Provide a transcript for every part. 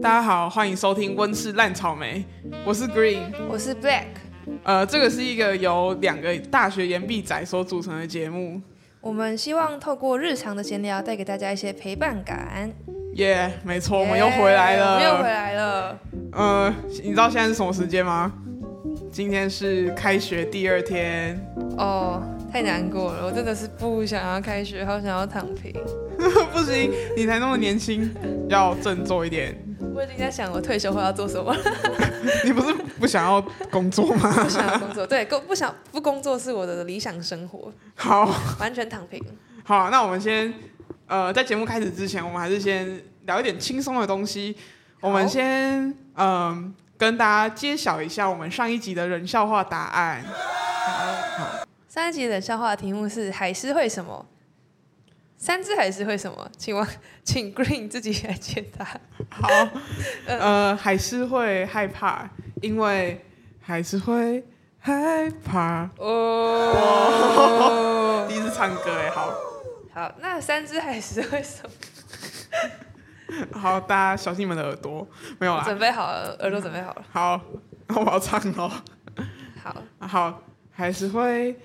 大家好，歡迎收聽《溫室爛草莓》，我是 Green，我是 Black。呃，這個是一個由兩個大學延畢仔所組成的節目。我們希望透過日常的閒聊，帶給大家一些陪伴感。耶，yeah, 沒錯，yeah, 我，我們又回來了，又回來了。呃，你知道現在是什麼時間嗎？今天是開學第二天。哦。Oh. 太難過了，我真的是不想要開學，好想要躺平。 不行，你才那麼年輕， 要振作一點。我已經在想我退休後要做什麼。 你不是不想要工作嗎？不想要工作，對，不不想不工作是我的理想生活。好，完全躺平。好，那我們先呃，在節目開始之前，我們還是先聊一點輕鬆的東西。我們先嗯好、呃，跟大家揭曉一下我們上一集的人笑話答案。好。好三集冷笑話的題目是海獅會什麼？三只海獅會什麼？請問，請 Green 自己來解答。好， 呃，海獅會害怕，因為海獅會害怕。哦,哦，第一次唱歌哎，好，哦、好，那三只海獅會什麼？ 好，大家小心你們的耳朵，沒有啦。準備好了，耳朵準備好了。好，那我要唱嘍。好，好,哦、好,好，海獅會。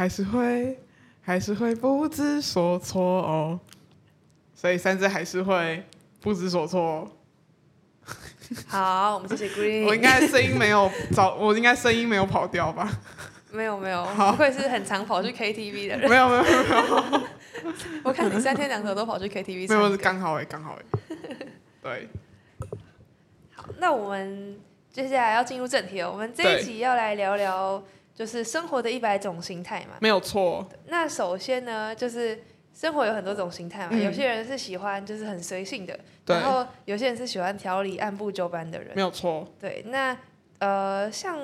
還是會還是會不知所措哦，所以三隻還是會不知所措哦。好，我們謝謝 Green。我應該聲音沒有找，我應該聲音沒有跑掉吧？沒有沒有，不好愧是很常跑去 KTV 的人。沒有沒有沒有，沒有沒有 我看你三天兩頭都跑去 KTV。沒有，是剛好哎，剛好哎。對。好，那我們接下來要進入正題了。我們這一集要來聊聊。就是生活的一百種形態嘛，沒有錯。那首先呢，就是生活有很多種形態嘛，嗯、有些人是喜歡就是很隨性的，對然後有些人是喜歡條理、按部就班的人，沒有錯。對，那呃，像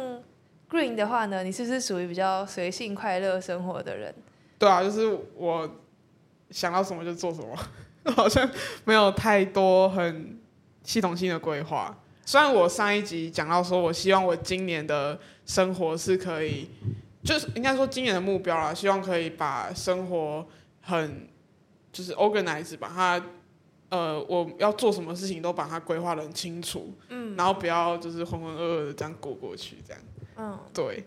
Green 的話呢，你是不是屬於比較隨性、快樂生活的人？對啊，就是我想到什麼就做什麼， 好像沒有太多很系統性的規劃。雖然我上一集講到說我希望我今年的。生活是可以，就是應該說今年的目標啦，希望可以把生活很就是 organize 把它，呃，我要做什麼事情都把它規劃得很清楚，嗯，然後不要就是渾渾噩噩的這樣過過去，這樣，嗯，對，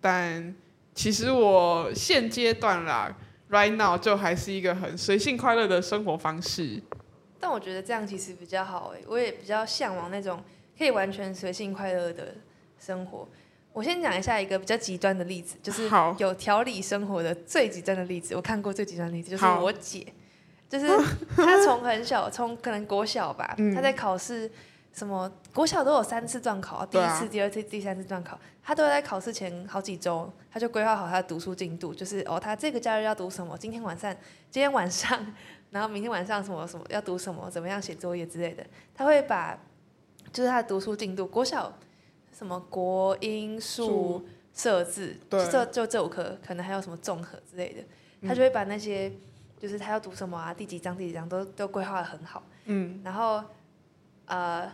但其實我現階段啦，right now 就還是一個很隨性快樂的生活方式，但我覺得這樣其實比較好誒、欸，我也比較向往那種可以完全隨性快樂的生活。我先講一下一個比較極端的例子，就是有條理生活的最極端的例子。好我看過最極端的例子就是我姐，就是她從很小， 從可能國小吧，嗯、她在考試什麼國小都有三次段考，第一次、第二次、啊、第三次段考，她都在考試前好幾週，她就規劃好她的讀書進度，就是哦，她這個假日要讀什麼，今天晚上，今天晚上，然後明天晚上什麼什麼要讀什麼，怎麼樣寫作業之類的，他會把就是他的讀書進度國小。什麼國英數社自，嗯、就這就這五科，可能還有什麼綜合之類的，他就會把那些，嗯、就是他要讀什麼啊，第幾章第幾章都都規劃得很好。嗯，然後呃，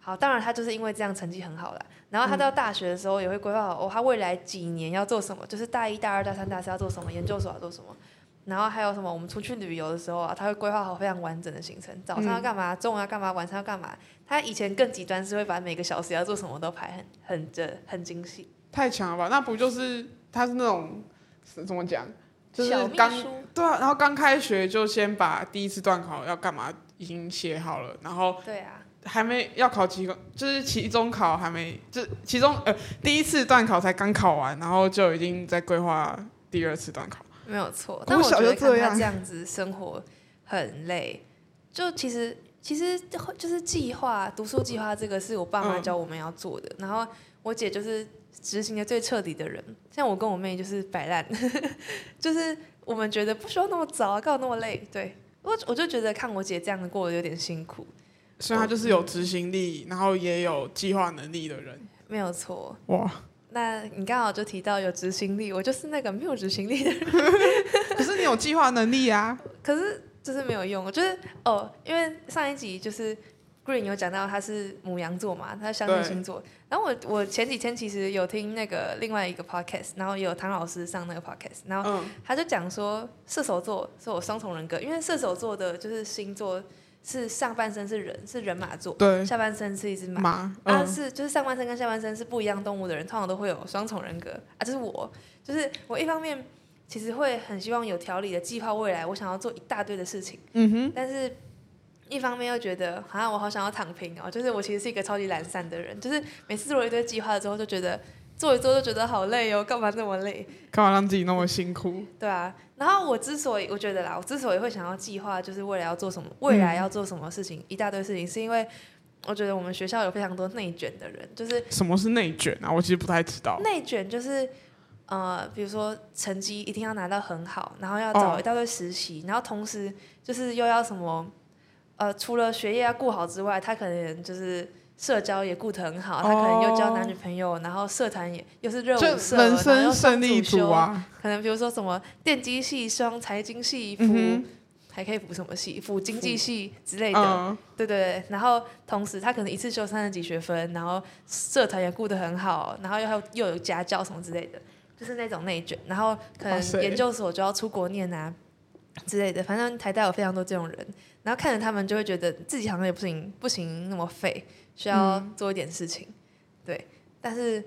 好，當然他就是因為這樣成績很好了。然後他到大學的時候也會規劃好，嗯、哦，他未來幾年要做什麼，就是大一大二大三大四要做什麼，研究所要做什麼。然後還有什麼？我們出去旅遊的時候啊，他會規劃好非常完整的行程。早上要幹嘛，嗯、中午要幹嘛，晚上要幹嘛？他以前更極端是會把每個小時要做什麼都排很很很精細。太強了吧？那不就是他是那種怎麼講？就是剛對啊，然後剛開學就先把第一次段考要幹嘛已經寫好了，然後還沒要考期中，就是期中考還沒，就期中呃第一次段考才剛考完，然後就已經在規劃第二次段考。沒有錯，但我覺得看他這樣子生活很累，就其實其實就是計劃讀書計劃，這個是我爸媽教我們要做的。嗯，然後我姐就是執行的最徹底的人，像我跟我妹就是擺爛，呵呵，就是我們覺得不需要那麼早啊，搞那麼累。對，我我就覺得看我姐這樣子過得有點辛苦。所以她就是有執行力，嗯，然後也有計劃能力的人。沒有錯，哇。那你剛好就提到有執行力，我就是那個沒有執行力的人。 可是你有計劃能力啊！可是就是沒有用。我覺得哦，因為上一集就是 Green 有講到他是牡羊座嘛，他是相信星座。對然後我我前幾天其實有聽那個另外一個 Podcast，然後也有唐老師上那個 Podcast，然後他就講說射手座是我雙重人格，因為射手座的就是星座。是上半身是人，是人馬座，對下半身是一隻馬，馬、嗯、啊，是就是上半身跟下半身是不一樣動物的人，通常都會有雙重人格啊。就是我，就是我一方面其實會很希望有條理的計劃未來，我想要做一大堆的事情，嗯哼，但是一方面又覺得好像我好想要躺平哦，就是我其實是一個超級懶散的人，就是每次做一堆計劃之後就覺得。做一做就覺得好累哦，幹嘛那麼累？幹嘛讓自己那麼辛苦？ 對啊，然後我之所以我覺得啦，我之所以會想要計劃，就是未來要做什麼，未來要做什麼事情，嗯、一大堆事情，是因為我覺得我們學校有非常多內卷的人，就是什麼是內卷啊？我其實不太知道。內卷就是呃，比如說成績一定要拿到很好，然後要找一大堆實習，哦、然後同時就是又要什麼呃，除了學業要顧好之外，他可能就是。社交也顧得很好，他可能又交男女朋友，oh. 然後社團也又是熱門社，人生勝利組，然後又雙主修啊，可能比如說什麼電機系、雙財經系，輔、mm hmm. 還可以輔什麼系，輔經濟系之類的，服對對對。Uh. 然後同時他可能一次修三十幾學分，然後社團也顧得很好，然後又還有又有家教什麼之類的，就是那種內卷。然後可能研究所就要出國念啊、oh, say. 之類的，反正台大有非常多這種人，然後看着他們就會覺得自己好像也不行，不行那麼廢。需要做一點事情，嗯、對，但是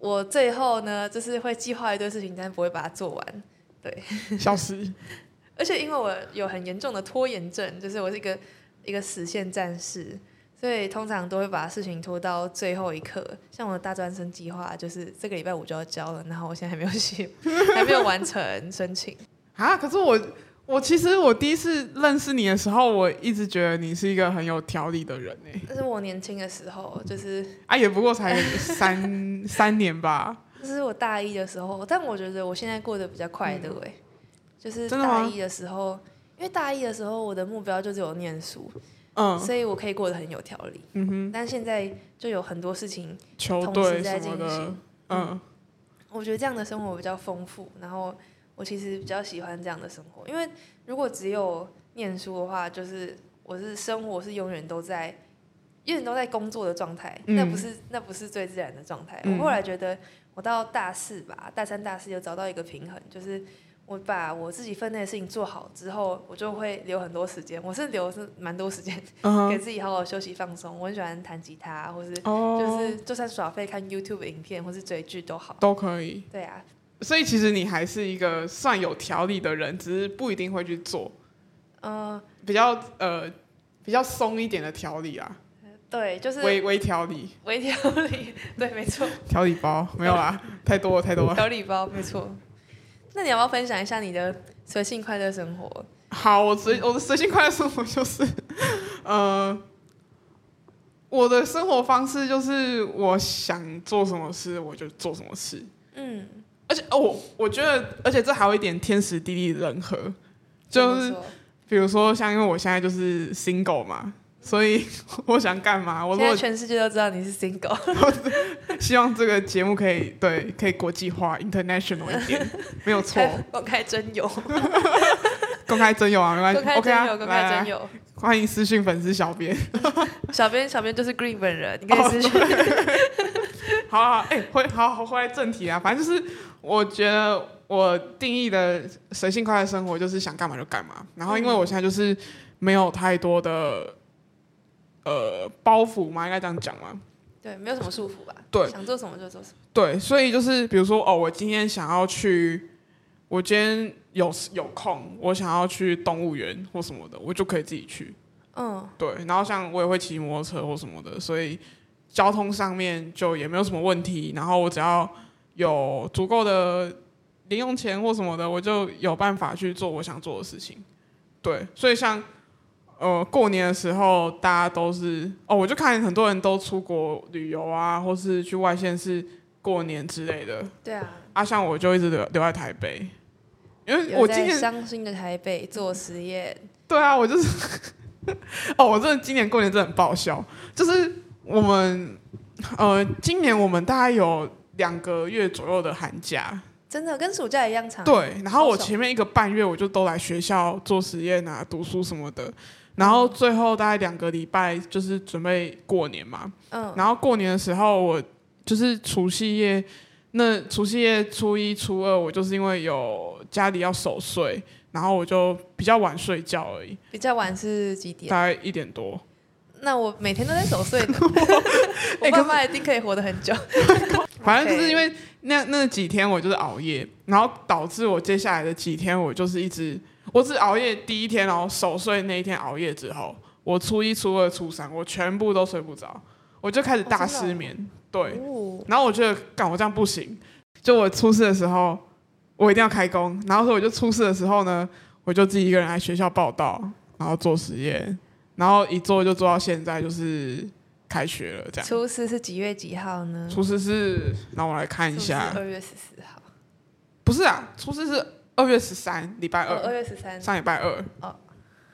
我最後呢，就是會計劃一堆事情，但是不會把它做完，對，消失。 而且因為我有很嚴重的拖延症，就是我是一個一個死線戰士，所以通常都會把事情拖到最後一刻。像我的大專生計劃，就是這個禮拜五就要交了，然後我現在還沒有寫， 還沒有完成申請啊。可是我。我其實我第一次認識你的時候，我一直覺得你是一個很有條理的人，但、欸、那是我年輕的時候，就是啊，也不過才三 三年吧。就是我大一的時候，但我覺得我現在過得比較快樂、欸嗯、就是大一的時候，因為大一的時候我的目標就是有念書，嗯，所以我可以過得很有條理。嗯哼，但現在就有很多事情同時在進行。嗯，嗯我覺得這樣的生活比較豐富，然後。我其實比較喜歡這樣的生活，因為如果只有唸書的話，就是我是生活是永遠都在，永遠都在工作的狀態，嗯、那不是那不是最自然的狀態。我後來覺得，我到大四吧，嗯、大三大四有找到一個平衡，就是我把我自己分內的事情做好之後，我就會留很多時間，我是留是蠻多時間、Uh-huh. 給自己好好休息放鬆。我很喜歡彈吉他，或是就是就算耍廢看 YouTube 影片或是追劇都好，都可以。對啊。所以其實你還是一個算有條理的人，只是不一定會去做。嗯、呃呃，比較呃比較鬆一點的條理啊。對，就是微微條理。微條理，對，沒錯。調理包沒有啦，太多了太多了。調理包沒錯。那你要不要分享一下你的隨性快樂生活？好，我隨我的隨性快樂生活就是，嗯、呃，我的生活方式就是我想做什麼事我就做什麼事。嗯。而且哦，我我覺得，而且這還有一點天時地利人和，就是比如說，像因為我現在就是 single 嘛，所以我想幹嘛，我現在全世界都知道你是 single，希望這個節目可以對可以國際化 international 一點， 沒有錯，公開徵友， 公開徵友啊，沒關係，OK，公開徵友，歡迎私訊粉絲小編， 小編小編就是 Green 本人，你可以私訊。Oh, 對對對對好，好好，哎、欸，回好，好，回來正題啊。反正就是，我覺得我定義的隨性快樂生活就是想幹嘛就幹嘛。然後，因為我現在就是沒有太多的呃包袱嘛，應該這樣講嘛。對，沒有什麼束縛吧？對。想做什麼就做什麼。對，所以就是比如說，哦，我今天想要去，我今天有有空，我想要去動物園或什麼的，我就可以自己去。嗯。對，然後像我也會騎摩托車或什麼的，所以。交通上面就也沒有什麼問題，然後我只要有足夠的零用錢或什麼的，我就有辦法去做我想做的事情。對，所以像呃過年的時候，大家都是哦，我就看很多人都出國旅遊啊，或是去外縣市過年之類的。對啊，啊像我就一直留，留在台北，因為我今年傷心的台北做實驗、嗯。對啊，我就是呵呵哦，我真的今年過年真的很爆笑，就是。我們，呃，今年我們大概有兩個月左右的寒假，真的跟暑假一樣長。對，然後我前面一個半月我就都來學校做實驗啊、讀書什麼的，然後最後大概兩個禮拜就是準備過年嘛。嗯。然後過年的時候，我就是除夕夜，那除夕夜、初一、初二，我就是因為有家裡要守歲，然後我就比較晚睡覺而已。比較晚是幾點？大概一點多。那我每天都在守歲。 我、欸，我爸媽一定可以活得很久。 反正就是因為那那幾天我就是熬夜，然後導致我接下來的幾天我就是一直，我只熬夜第一天，然後守歲那一天熬夜之後，我初一出出、初二、初三我全部都睡不着，我就開始大失眠。哦哦、對，然後我覺得，幹我這樣不行。就我初四的時候，我一定要開工。然後所以，我就初四的時候呢，我就自己一個人來學校報到，然後做實驗。然後一做就做到現在，就是開學了這樣。初四是幾月幾號呢？初四是，那我來看一下。二月十四號。不是啊，初四是二月十三，禮拜二。哦、二月十三。上禮拜二。哦、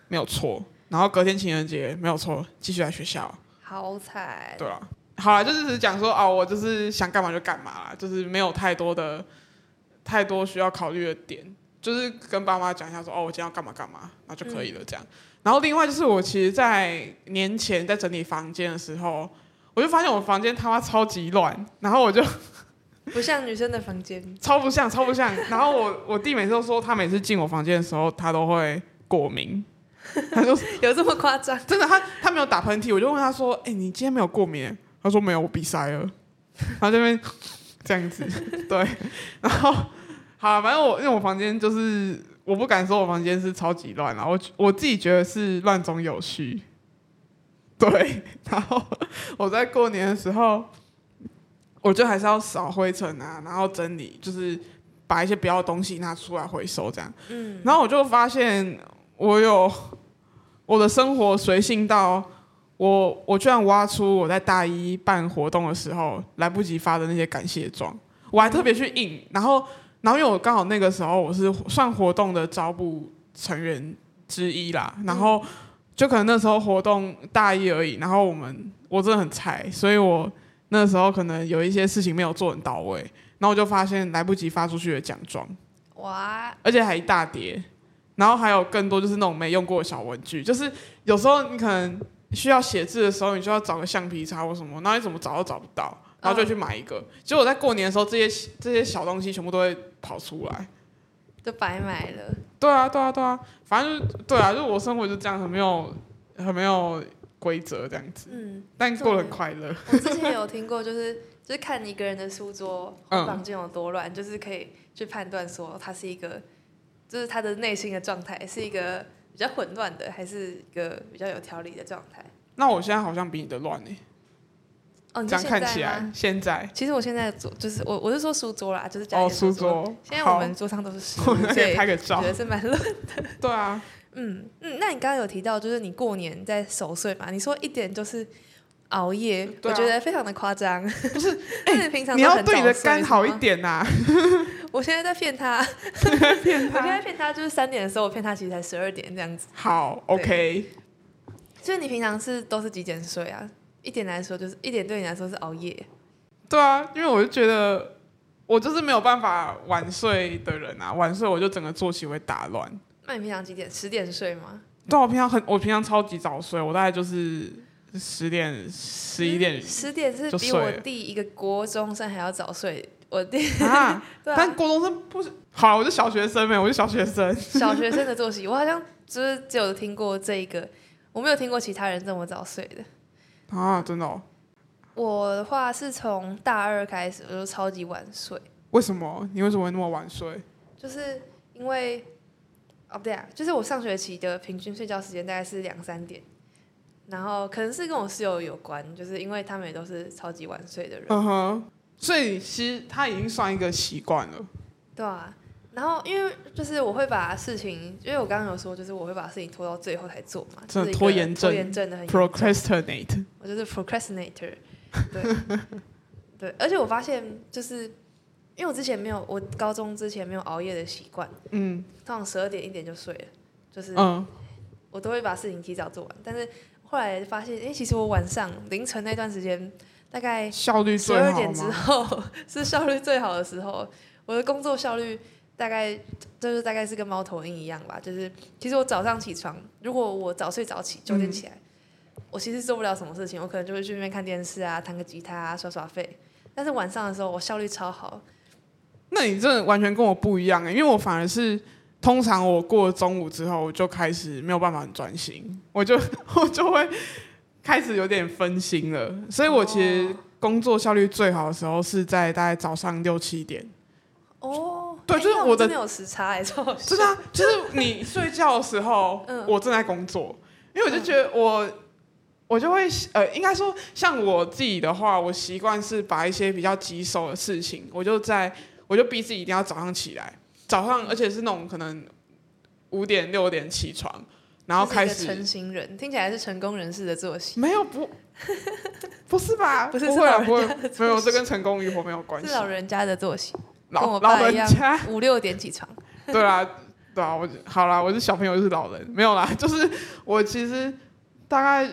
沒有錯。然後隔天情人節，沒有錯，繼續來學校。好慘。對了，好了，就是講說哦，我就是想幹嘛就幹嘛啦，就是沒有太多的太多需要考慮的點，就是跟爸媽講一下說哦，我今天要幹嘛幹嘛，那就可以了這樣。嗯然後另外就是我其實，在年前在整理房間的時候，我就發現我房間他媽超級亂，然後我就不像女生的房間，超不像，超不像。 然後我我弟每次都說，他每次進我房間的時候，他都會過敏。他說 有這麼誇張？真的，他他沒有打噴嚏，我就問他說：“哎、欸，你今天沒有過敏？”他說：“沒有，我鼻塞了。”然後這邊這樣子，對。然後好，反正我因為我房間就是。我不敢說我房間是超級亂啊，我我自己覺得是亂中有序。對，然後我在過年的時候，我就還是要掃灰塵啊，然後整理，就是把一些不要的東西拿出來回收這樣。嗯，然後我就發現我有我的生活隨性到我，我居然挖出我在大一辦活動的時候來不及發的那些感謝狀，我還特別去印，然後。然後因為我剛好那個時候我是算活動的招募成員之一啦，然後就可能那時候活動大一而已，然後我們我真的很菜，所以我那時候可能有一些事情沒有做很到位，然後我就發現來不及發出去的獎狀，哇，而且還一大疊，然後還有更多就是那種沒用過的小文具，就是有時候你可能需要寫字的時候，你就要找個橡皮擦或什麼，那你怎麼找都找不到。然後就去買一個，哦、結果在過年的時候，這些這些小東西全部都會跑出來，就白買了。對啊，對啊，對啊，反正就對啊，就我生活就這樣，很沒有，很沒有規則這樣子。嗯，但過得很快樂。我之前有聽過、就是，就是就是看你一個人的書桌或房間有多亂，嗯、就是可以去判斷說，他是一個，就是他的內心的狀態是一個比較混亂的，還是一個比較有條理的狀態？那我現在好像比你的亂呢、欸。哦，這樣看起來現在，其實我現在桌就是我，我是說書桌啦，就是講，哦，書桌。現在我們桌上都是書，對，覺得是蠻亂的。對啊，嗯嗯，那你剛剛有提到，就是你過年在守歲嘛？你說一點就是熬夜，我覺得非常的誇張，不是？但是平常你要對你的肝好一點吶。我現在在騙他，我現在騙他，就是三點的時候，我騙他其實才十二點這樣子。好，OK。所以你平常是都是幾點睡啊？一點來說就是一點，對你來說是熬夜，對啊，因為我就覺得我就是沒有辦法晚睡的人啊，晚睡我就整個作息會打亂。那你平常幾點？十點睡嗎？對，我平常很，我平常超級早睡，我大概就是十點、十一點十、十點是比我弟一個國中生還要早睡。我弟啊， 對啊，但國中生不是，好，我是小學生唄，欸，我是小學生。小學生的作息， 我好像就是只有聽過這個，我沒有聽過其他人這麼早睡的。啊，真的，哦！我的話是從大二開始，我就超級晚睡。為什麼？你為什麼會那麼晚睡？就是因為……哦，啊，不對啊，就是我上學期的平均睡覺時間大概是兩三點。然後可能是跟我室友有關，就是因為他們也都是超級晚睡的人。嗯哼，所以其實他已經算一個習慣了，啊。對啊。然後，因為就是我會把事情，因為我剛剛有說，就是我會把事情拖到最後才做嘛，就是拖延症，拖，拖延症的很。Procrastinate，我就是 procrastinator。 對，對，而且我發現，就是因為我之前沒有，我高中之前沒有熬夜的習慣，嗯，通常十二點一點就睡了，就是，嗯，我都會把事情提早做完。但是後來發現，哎，其實我晚上凌晨那段時間，大概效率十二點之後是效率最好的時候，我的工作效率。大概就是大概是跟貓頭鷹一樣吧，就是其實我早上起床，如果我早睡早起九點、嗯、起來，我其實做不了什麼事情，我可能就會去那邊看電視啊，彈個吉他啊，刷刷費。但是晚上的時候，我效率超好。那你這完全跟我不一樣。欸，因為我反而是通常我過了中午之後，我就開始沒有辦法很專心，我就我就會開始有點分心了。所以我其實工作效率最好的時候是在大概早上六七點。哦。可是我的，我真的有時差是，沒錯。真的啊，就是你睡覺的時候， 嗯、我正在工作。因為我就覺得我，嗯、我就會呃，應該說像我自己的話，我習慣是把一些比較棘手的事情，我就在，我就逼自己一定要早上起來，早上、嗯、而且是那種可能五點六點起床，然後開始。是晨型人聽起來是成功人士的作息。沒有不，不是吧？不是，啊，不會，沒有，這跟成功與否沒有關係，是老人家的作息。老我老人家五六點起床， 對啊，對啊，我好啦，我是小朋友，又是老人，沒有啦，就是我其實大概，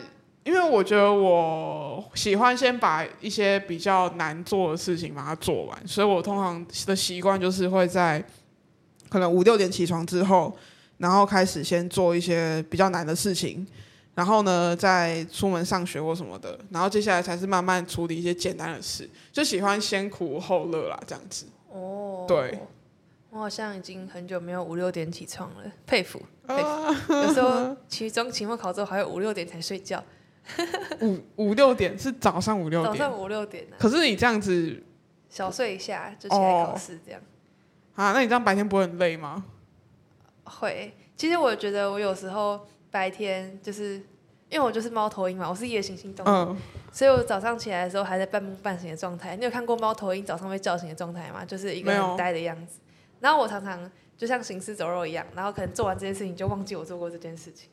因為我覺得我喜歡先把一些比較難做的事情把它做完，所以我通常的習慣就是會在可能五六點起床之後，然後開始先做一些比較難的事情，然後呢再出門上學或什麼的，然後接下來才是慢慢處理一些簡單的事，就喜歡先苦後樂啦，這樣子。哦，oh, 對，我好像已經很久沒有五六點起床了，佩服佩服。Uh, 有時候期中期末考之後，還有五六點才睡覺。 五五六點是早上五六點？早上五六點啊，可是你這樣子，小睡一下就起來考試這樣。啊，那你這樣白天不會很累嗎？會，其實我覺得我有時候白天就是。因為我就是貓頭鷹嘛，我是夜行性動物，嗯、所以我早上起來的時候還在半夢半醒的狀態。你有看過貓頭鷹早上被叫醒的狀態嗎？就是一個人呆的樣子。有然後我常常就像行屍走肉一樣，然後可能做完這件事情就忘記我做過這件事情。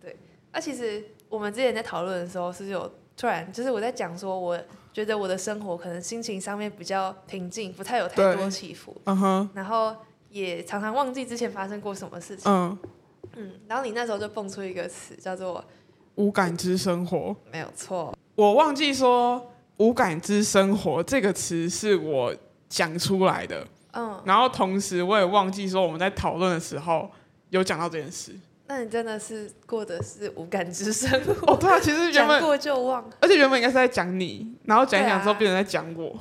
對，那、啊、其實我們之前在討論的時候是,是有突然，就是我在講說，我覺得我的生活可能心情上面比較平靜，不太有太多起伏。嗯哼對。然後也常常忘記之前發生過什麼事情。嗯。嗯，然後你那時候就蹦出一個詞叫做。無感知生活，沒有錯。我忘記說“無感知生活”這個詞是我講出來的，嗯。然後同時我也忘記說我們在討論的時候有講到這件事。那你真的是過的是無感知生活？活、哦？對啊，其實原本過就忘，而且原本應該是在講你，然後講一講之後，別人在講我，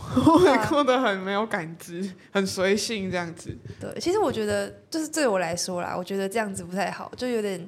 啊、 我過得很沒有感知，很隨性這樣子。對，其實我覺得就是對我來說啦，我覺得這樣子不太好，就有點。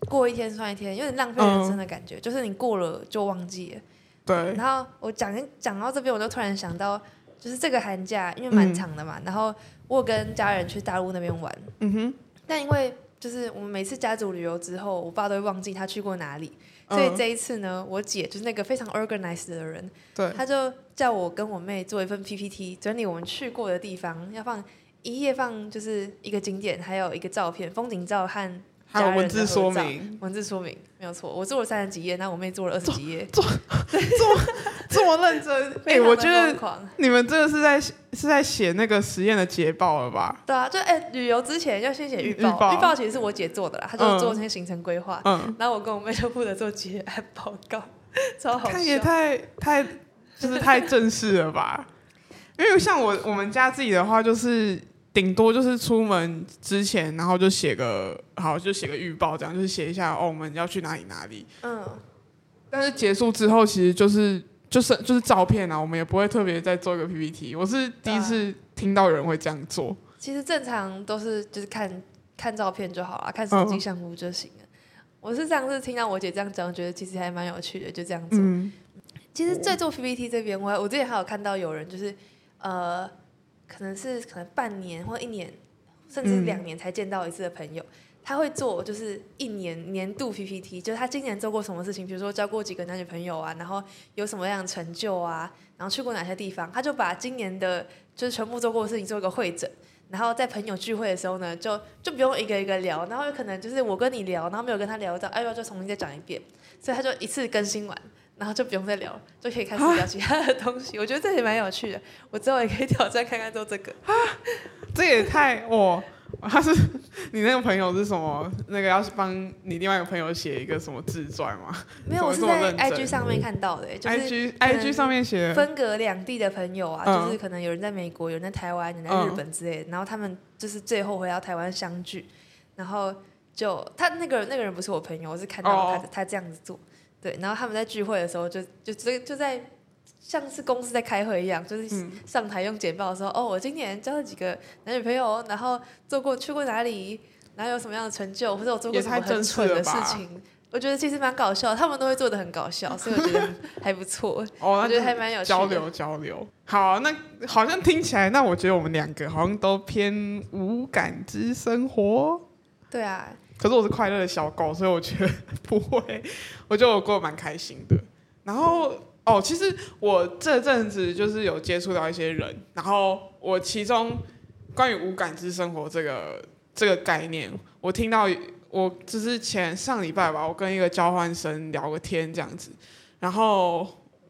過一天算一天，有點浪費人生的感覺。Uh huh. 就是你過了就忘記了。對、嗯。然後我講講到這邊，我就突然想到，就是這個寒假因為蠻長的嘛，嗯、然後我有跟家人去大陸那邊玩。嗯哼、uh。Huh. 但因為就是我們每次家族旅遊之後，我爸都會忘記他去過哪裡，所以這一次呢，uh huh. 我姐就是那個非常 organized 的人，對，她就叫我跟我妹做一份 PPT 整理我們去過的地方，要放一頁放就是一個景點，還有一個照片風景照和文字說明，文字說明沒有錯。我做了三十幾頁，那我妹做了二十幾頁，做對做麼這麼認真。哎、 欸，我覺得你們這個是在是在寫那個實驗的捷報了吧？對啊，就哎、欸，旅遊之前要先寫預報，預報，預報其實是我姐做的啦，她就做那些行程規劃、嗯。嗯，然後我跟我妹就負責做結案報告，超好。看，也太太就是太正式了吧？ 因為像我我們家自己的話，就是。頂多就是出門之前，然後就寫個好，就寫個預報，這樣就是寫一下哦，我們要去哪裡哪裡。嗯。但是結束之後，其實就是就是就是照片啊，我們也不會特別再做一個 PPT。我是第一次聽到有人會這樣做。啊。其實正常都是就是看看照片就好了，看手機相簿就行了。我是上次聽到我姐這樣講，覺得其實還蠻有趣的，就這樣子。嗯。其實在做 PPT 這邊，我我之前還有看到有人就是呃。可能是可能半年或一年，甚至兩年才見到一次的朋友，他會做就是一年年度 PPT，就是他今年做過什麼事情，比如說交過幾個男女朋友啊，然後有什麼樣的成就啊，然後去過哪些地方，他就把今年的就是全部做過的事情做一個彙總，然後在朋友聚會的時候呢，就就不用一個一個聊，然後有可能就是我跟你聊，然後沒有跟他聊到，哎呦，就重新再講一遍，所以他就一次更新完，然後就不用再聊了，就可以開始聊其他的東西。蛤我覺得這也蠻有趣的，我之後也可以挑戰看看做這個。啊，這也太哦， 他是你那個朋友是什麼？那個要是幫你另外一個朋友寫一個什麼自傳嗎？沒有，我是在 IG 上面看到的、欸，就是 IG 上面寫分隔兩地的朋友啊，就是可能有人在美國，有人在台灣，有人在日本之類的。然後他們就是最後回到台灣相聚，然後就他那個那個人不是我朋友，我是看到的、oh. 他他這樣子做。對，然後他們在聚會的時候就，就就就就在，就在像是公司在開會一樣，就是上台用簡報說：“嗯、哦，我今年交了幾個男女朋友，然後做過去過哪裡，然後有什麼樣的成就，或者我做過什麼很蠢的事情。”我覺得其實蠻搞笑，他們都會做得很搞笑，所以我覺得還不錯。哦， 我覺得還蠻有趣、哦、交流交流，好，那好像聽起來，那我覺得我們兩個好像都偏無感知生活。對啊。可是我是快樂的小狗，所以我覺得不會，我覺得我過得蠻開心的。然後哦，其實我這陣子就是有接觸到一些人，然後我其中關於無感知生活這個這個概念，我聽到，我就是前上禮拜吧，我跟一個交換生聊個天這樣子，然後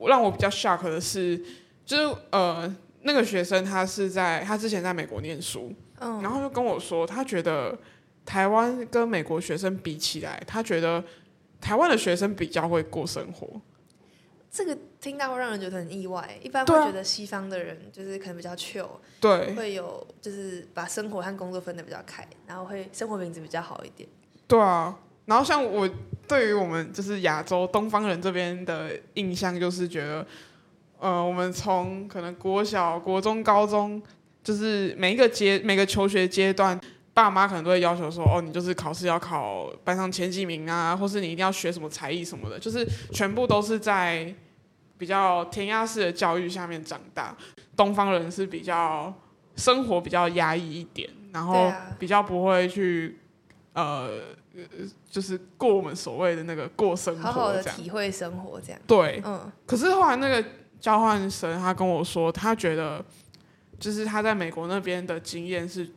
讓我比較 shock 的是，就是呃，那個學生他是在他之前在美國念書，然後就跟我說，他覺得。台灣跟美國學生比起來，他覺得台灣的學生比較會過生活。這個聽到會讓人覺得很意外。一般會覺得西方的人就是可能比較 chill，對，會有就是把生活和工作分得比較開，然後會生活品質比較好一點。對啊，然後像我對於我們就是亞洲東方人這邊的印象，就是覺得，呃，我們從可能國小、國中、高中，就是每一個階每個求學階段。爸媽可能都會要求說：“哦，你就是考試要考班上前幾名啊，或是你一定要學什麼才藝什麼的，就是全部都是在比較填鴨式的教育下面長大。東方人是比較生活比較壓抑一點，然後比較不會去、啊、呃，就是過我們所謂的那個過生活，好好的體會生活這樣。對，嗯。可是後來那個交換生他跟我說，他覺得就是他在美國那邊的經驗是。”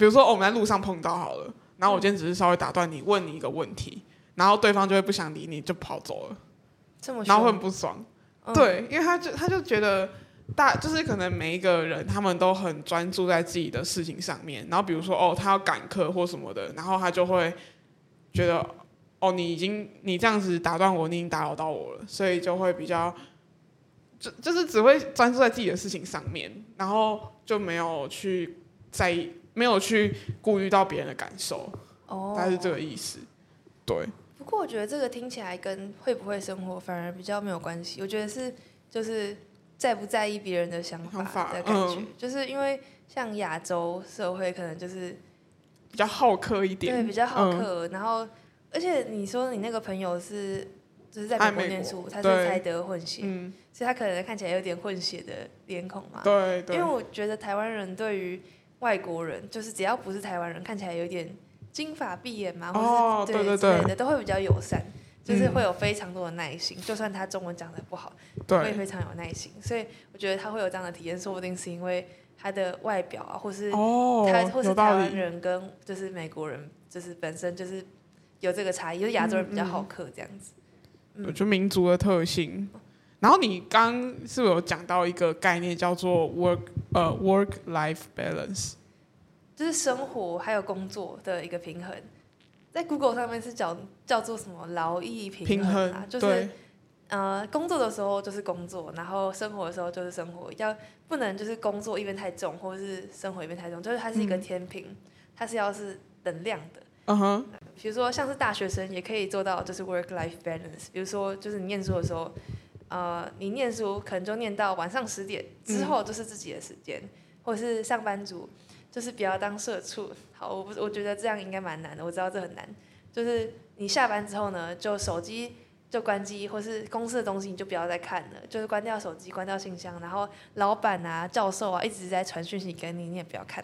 比如說、哦，我們在路上碰到好了，然後我今天只是稍微打斷你，嗯、問你一個問題，然後對方就會不想理你，就跑走了，這麼然後會很不爽，嗯、對，因為他就他就覺得大就是可能每一個人他們都很專注在自己的事情上面，然後比如說哦，他要趕課或什麼的，然後他就會覺得哦，你已經你這樣子打斷我，你已經打擾到我了，所以就會比較，就就是只會專注在自己的事情上面，然後就沒有去。在意沒有去顧慮到別人的感受，哦，大概是這個意思，對。不過我覺得這個聽起來跟會不會生活反而比較沒有關係，我覺得是就是在不在意別人的想法的感覺，就是因為像亞洲社會可能就是比較好客一點，對，比較好客。然後而且你說你那個朋友是就是在美國念書，美他是台德混血，對 嗯、所以他可能看起來有點混血的臉孔嘛，對。因為我覺得台灣人對於外國人就是只要不是台灣人，看起來有點金髮碧眼嘛，或是、oh, 對，對對對，對的，都會比較友善，就是會有非常多的耐心，嗯、就算他中文講得不好，我也對非常有耐心，所以我覺得他會有這樣的體驗，說不定是因為他的外表啊，或是他、oh, 或是台灣人跟就是美國人，就是本身就是有這個差異，就是亞洲人比較好客這樣子，嗯嗯、我覺得民族的特性。然後你剛是不是有講到一個概念叫做 work？呃、uh，work life balance，就是生活還有工作的一個平衡，在 Google 上面是叫叫做什麼勞逸平衡啊，就是呃工作的時候就是工作，然後生活的時候就是生活，要不能就是工作一邊太重，或者是生活一邊太重，就是它是一個天平，它是要是等量的。嗯哼，比如說像是大學生也可以做到就是 work life balance，比如說就是你念書的時候。呃，你念書可能就念到晚上十點之後就是自己的時間，嗯、或者是上班族，就是不要當社畜。好,我不，我覺得這樣應該蠻難的。我知道這很難，就是你下班之後呢，就手機就關機，或是公司的東西你就不要再看了，就是關掉手機、關掉信箱，然後老板啊、教授啊一直在傳訊息給你，你也不要看。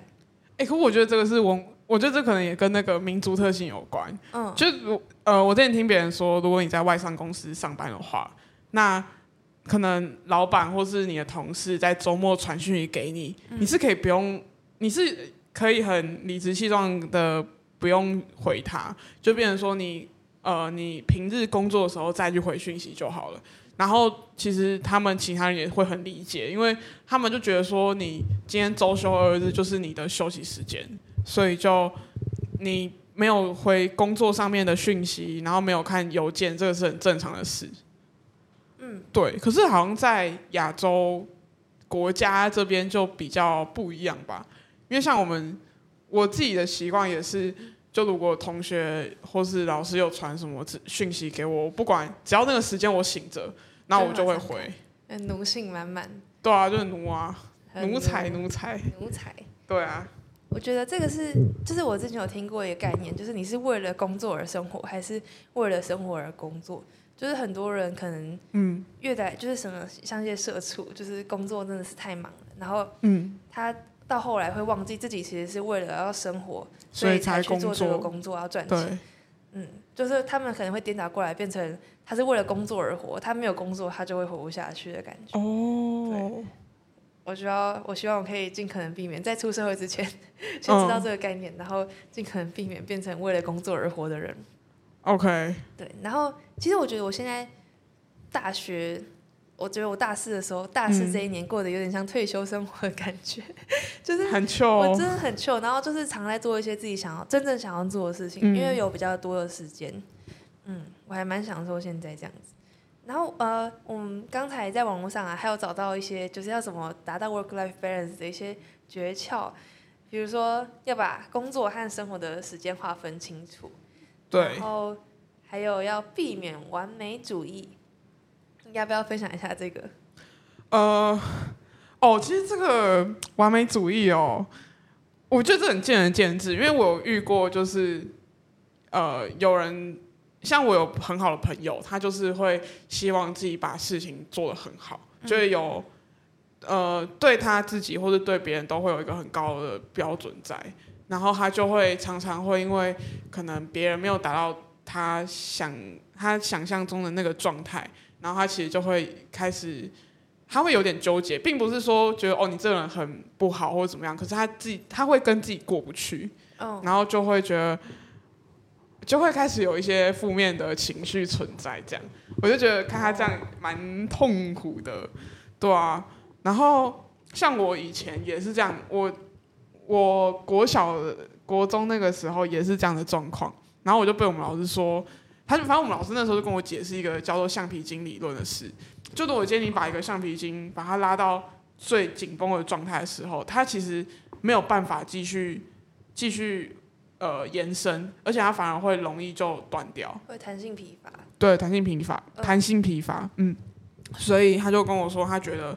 哎、欸，可我覺得這個是我，我覺得這可能也跟那個民族特性有關。嗯，就呃，我之前聽別人說，如果你在外商公司上班的話，那可能老闆或是你的同事在周末傳訊息給你，嗯、你是可以不用，你是可以很理直氣壯的不用回他，就變成說你呃你平日工作的時候再去回訊息就好了。然後其實他們其他人也會很理解，因為他們就覺得說你今天周休二日就是你的休息時間，所以就你沒有回工作上面的訊息，然後沒有看郵件，這個是很正常的事。嗯，對。可是好像在亞洲國家這邊就比較不一樣吧？因為像我們，我自己的習慣也是，就如果同學或是老師有傳什麼訊息給我，不管只要那個時間我醒着，那我就會回。奴性滿滿。對啊，就是奴啊，奴才，奴才，奴才。奴才。對啊。我覺得這個是，就是我之前有聽過一個概念，就是你是為了工作而生活，還是為了生活而工作？就是很多人可能，越來就是什麼，像一些社畜，就是工作真的是太忙了，然後，嗯，他到後來會忘記自己其實是為了要生活，所以,所以才去做這個工作，要賺錢。對嗯，就是他們可能會顛倒過來，變成他是為了工作而活，他沒有工作他就會活不下去的感覺。哦。Oh。對。我需要，我希望我可以盡可能避免在出社會之前先知道這個概念，嗯、然後盡可能避免變成為了工作而活的人。OK。對，然後其實我覺得我現在大學，我覺得我大四的時候，大四這一年過得有點像退休生活的感覺，嗯、就是很 c，我真的很 c 臭然後就是常在做一些自己想要真正想要做的事情，嗯、因為有比較多的時間。嗯，我還蠻享受現在這樣子。然後呃，我們剛才在網絡上啊，還有找到一些就是要怎麼達到 work-life balance 的一些訣竅，比如說要把工作和生活的時間劃分清楚，對，然後還有要避免完美主義，你要不要分享一下這個？呃，哦，其實這個完美主義哦，我覺得這很見仁見智，因為我有遇過就是呃有人。像我有很好的朋友，他就是會希望自己把事情做得很好，嗯、就有呃，對他自己或是對別人都會有一個很高的標準在，然後他就會常常會因為可能別人沒有達到他想他想象中的那個狀態，然後他其實就會開始他會有點糾結，並不是說覺得哦，你這個人很不好或者怎麼樣，可是他自己他會跟自己過不去，哦、然後就會覺得。就會開始有一些負面的情緒存在，這樣我就覺得看他這樣蠻痛苦的，對啊。然後像我以前也是這樣，我我國小、國中那個時候也是這樣的狀況，然後我就被我們老師說，他就反正我們老師那時候就跟我解釋一個叫做橡皮筋理論的事，就是我建議你把一個橡皮筋把它拉到最緊繃的狀態的時候，它其實沒有辦法繼續繼續。呃，延伸，而且它反而會容易就斷掉，會彈性疲乏。對，彈性疲乏，呃、彈性疲乏，嗯。所以他就跟我說，他覺得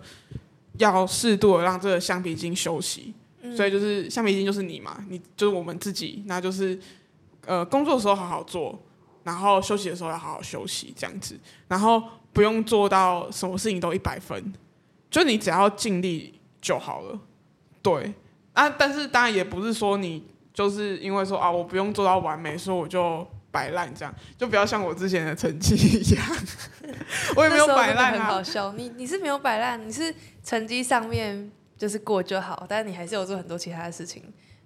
要適度的讓這個橡皮筋休息。嗯、所以就是橡皮筋就是你嘛，你就是我們自己，那就是呃，工作的時候好好做，然後休息的時候要好好休息，這樣子，然後不用做到什麼事情都一百分，就你只要盡力就好了。對，啊，但是當然也不是說你。就是因為說啊，我不用做到完美，所以我就擺爛這樣，就不要像我之前的成績一樣， 我也沒有擺爛 很好笑，你你是沒有擺爛，你是成績上面就是過就好，但是你還是有做很多其他的事情，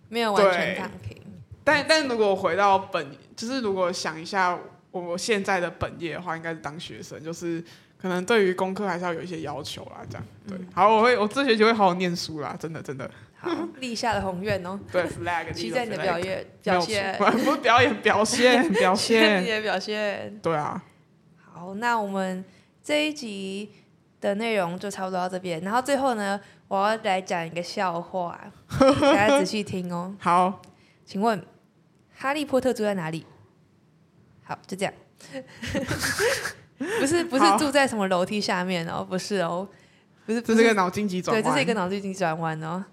沒有完全躺平。但但如果回到本，就是如果想一下我現在的本業的話，應該是當學生，就是可能對於功課還是要有一些要求啦。這樣對，好，我會我這學期會好好念書啦，真的真的。立下的宏願哦，對，期待你的表演表現，表演 表現表現你的表現。對啊，好，那我們這一集的內容就差不多到這邊。然後最後呢，我要來講一個笑話，大家仔細聽哦。 好，請問哈利波特住在哪裡？好，就這樣， 不是不是,好不是住在什麼樓梯下面哦，不是哦，不是，不是這是一個腦筋急轉彎，對，這是一個腦筋急轉彎哦。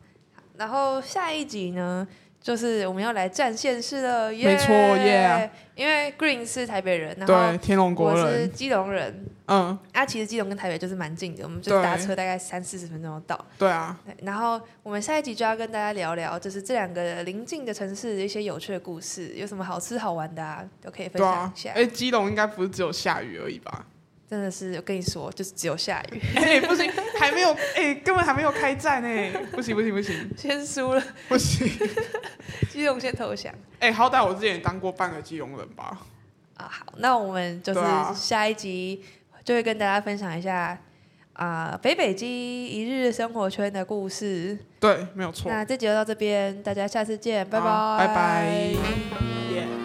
然後下一集呢，就是我們要來戰縣市的沒錯，yeah，因為 Green 是台北人，然後，對，天龍國人，我是基隆人，嗯，啊，其實基隆跟台北就是蠻近的，我們就搭車大概三四十分鐘就到，對啊，然後我們下一集就要跟大家聊聊，就是這兩個鄰近的城市一些有趣的故事，有什麼好吃好玩的啊，都可以分享一下。哎、啊，基隆應該不是只有下雨而已吧？真的是，我跟你說，就是只有下雨。哎、 欸，不行，還沒有，哎、欸，根本還沒有開戰呢。不行不行不行，先輸了。不行，基隆先投降。哎、欸，好歹我之前也當過半個基隆人吧。啊，好，那我們就是下一集就會跟大家分享一下啊、呃、北北基一日生活圈的故事。對，沒有錯。那這集就到這邊，大家下次見，拜拜、啊、拜拜。啊拜拜 yeah.